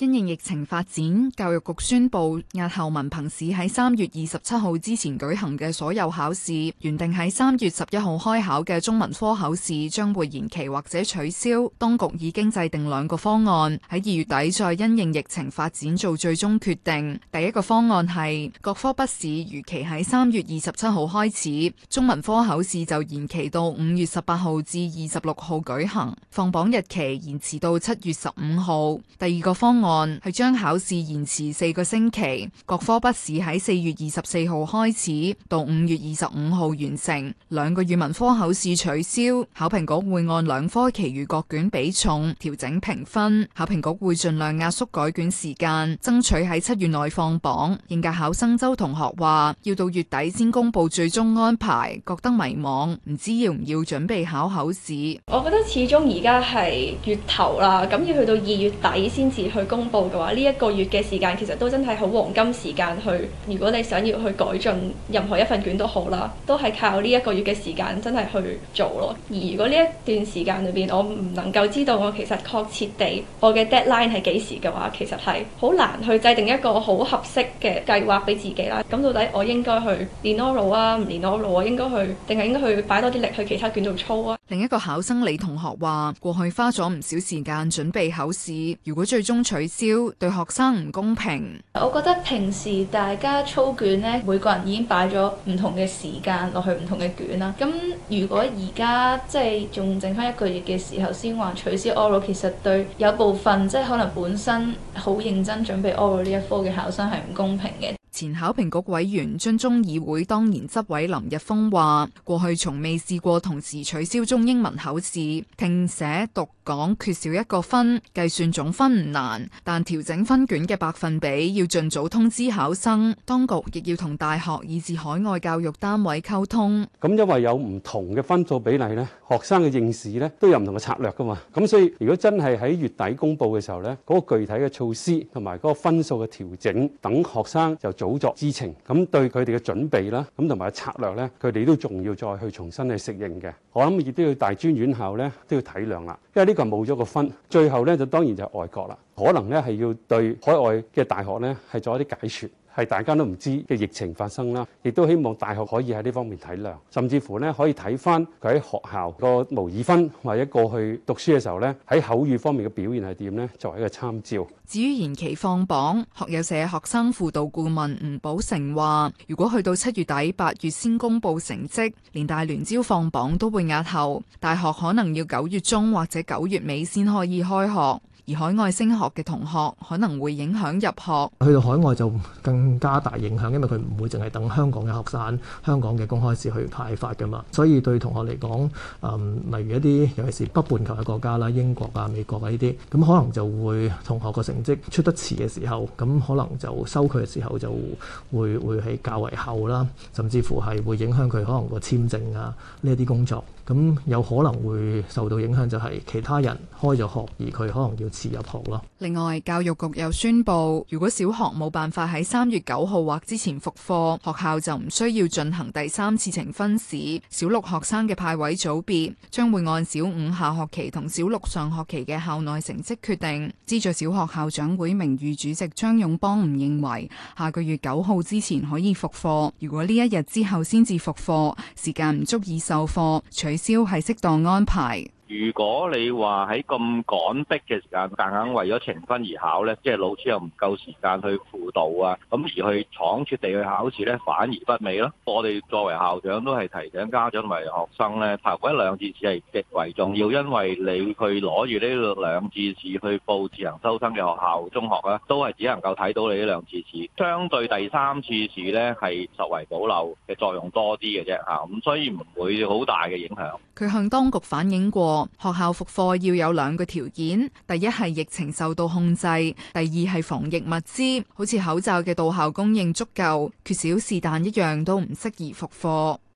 因應疫情發展，教育局宣佈押後文憑試喺三月二十七號之前舉行嘅所有考試，原定喺三月十一號開考嘅中文科考試將會延期或者取消。當局已經制定兩個方案，喺二月底再因應疫情發展做最終決定。第一個方案係各科筆試如期喺三月二十七號開始，中文科考試就延期到五月十八號至二十六號舉行，放榜日期延遲到七月十五號。第二個方案。案係將考試延遲四個星期，各科筆試喺四月二十四號開始，到五月二十五號完成。兩個語文科考試取消，考評局會按兩科其餘各卷比重調整評分。考評局會盡量壓縮改卷時間，爭取喺七月內放榜。應屆考生周同學話：要到月底先公布最終安排，覺得迷茫，唔知要唔要準備考考試。我覺得始終而家係月頭啦，咁要去到二月底先至去公。公布嘅話，呢一個月嘅時間其實都真係好黃金時間去。如果你想要去改進任何一份卷都好啦，都係靠呢一個月嘅時間真係去做咯。而如果呢一段時間裏邊，我唔能夠知道我其實確切地我嘅 deadline 係幾時嘅話，其實係好難去制定一個好合適嘅計劃俾自己啦。咁到底我應該去練 oral 啊，唔練 oral 啊，應該去定係應該去擺多啲力去其他卷度操啊？另一個考生李同學話，過去花咗唔少時間準備考試，如果最終取消，對學生唔公平。我覺得平時大家操卷呢，每個人已經擺咗唔同嘅時間落去唔同嘅卷啦。咁如果而家即係仲剩翻一個月嘅時候，先話取消 oral，其實對有部分即係可能本身好認真準備 oral 呢一科嘅考生係唔公平嘅。前考評局委員津中議會當然執委林日峰話：過去從未試過同時取消中英文考試，聽寫、讀講缺少一個分計算總分唔難，但調整分卷嘅百分比要盡早通知考生。當局亦要同大學以至海外教育單位溝通。咁因為有唔同嘅分數比例咧，學生嘅應試咧都有唔同嘅策略噶嘛。咁所以如果真係喺月底公布嘅時候咧，嗰個具體嘅措施同埋嗰個分數嘅調整等學生就做。補作之情，咁對佢哋嘅準備啦，咁同埋策略咧，佢哋都仲要再去重新去適應嘅。我諗亦都要大專院校咧，都要體諒啦，因為呢個冇咗個分，最後咧就當然就係外國啦，可能咧係要對海外嘅大學咧係做一啲解說。係大家都唔知嘅疫情發生啦，亦都希望大學可以喺呢方面體諒，甚至乎呢可以睇翻佢喺學校個模擬分，或者過去讀書嘅時候呢，喺口語方面嘅表現係點呢？作為一個參照。至於延期放榜，學友社學生輔導顧問吳寶成話，如果去到七月底八月先公佈成績，連大聯招放榜都會押後，大學可能要九月中或者九月尾先可以開學。而海外升學嘅同學可能會影響入學，去到海外就更加大影響，因為佢唔會淨係等香港嘅學生、香港嘅公開試去派發噶嘛。所以對同學嚟講，嗯，例如一啲尤其是北半球嘅國家啦，英國啊、美國啊呢啲，咁可能就會同學個成績出得遲嘅時候，咁可能就收佢嘅時候就會會係較為後啦，甚至乎係會影響佢可能個簽證啊呢啲工作，咁有可能會受到影響就係其他人開咗學，而佢可能要。另外，教育局又宣布，如果小學冇辦法喺三月九號或之前復課，學校就唔需要進行第三次呈分試。小六學生嘅派位組別將會按小五下學期同小六上學期嘅校內成績決定。資助小學校長會名譽主席張勇邦唔認為下個月九號之前可以復課，如果呢一日之後先至復課，時間唔足以授課，取消係適當安排。如果你話喺咁趕逼嘅時間，硬硬為咗呈分而考呢，即係老師又唔夠時間去輔導啊，咁而去闖出地去考試呢，反而不美咯。我哋作為校長都係提醒家長同埋學生呢，頭一兩次試係極為重要，因為你去攞住呢兩次試去報自行收生嘅學校、中學啊，都係只能夠睇到你呢兩次試，相對第三次試呢，係作為保留嘅作用多啲嘅啫嚇，咁所以唔會好大嘅影響。佢向當局反映過。學校復課要有兩個條件，第一係疫情受到控制，第二係防疫物資，好似口罩嘅到校供應足夠，缺少是但一樣都唔適宜復課。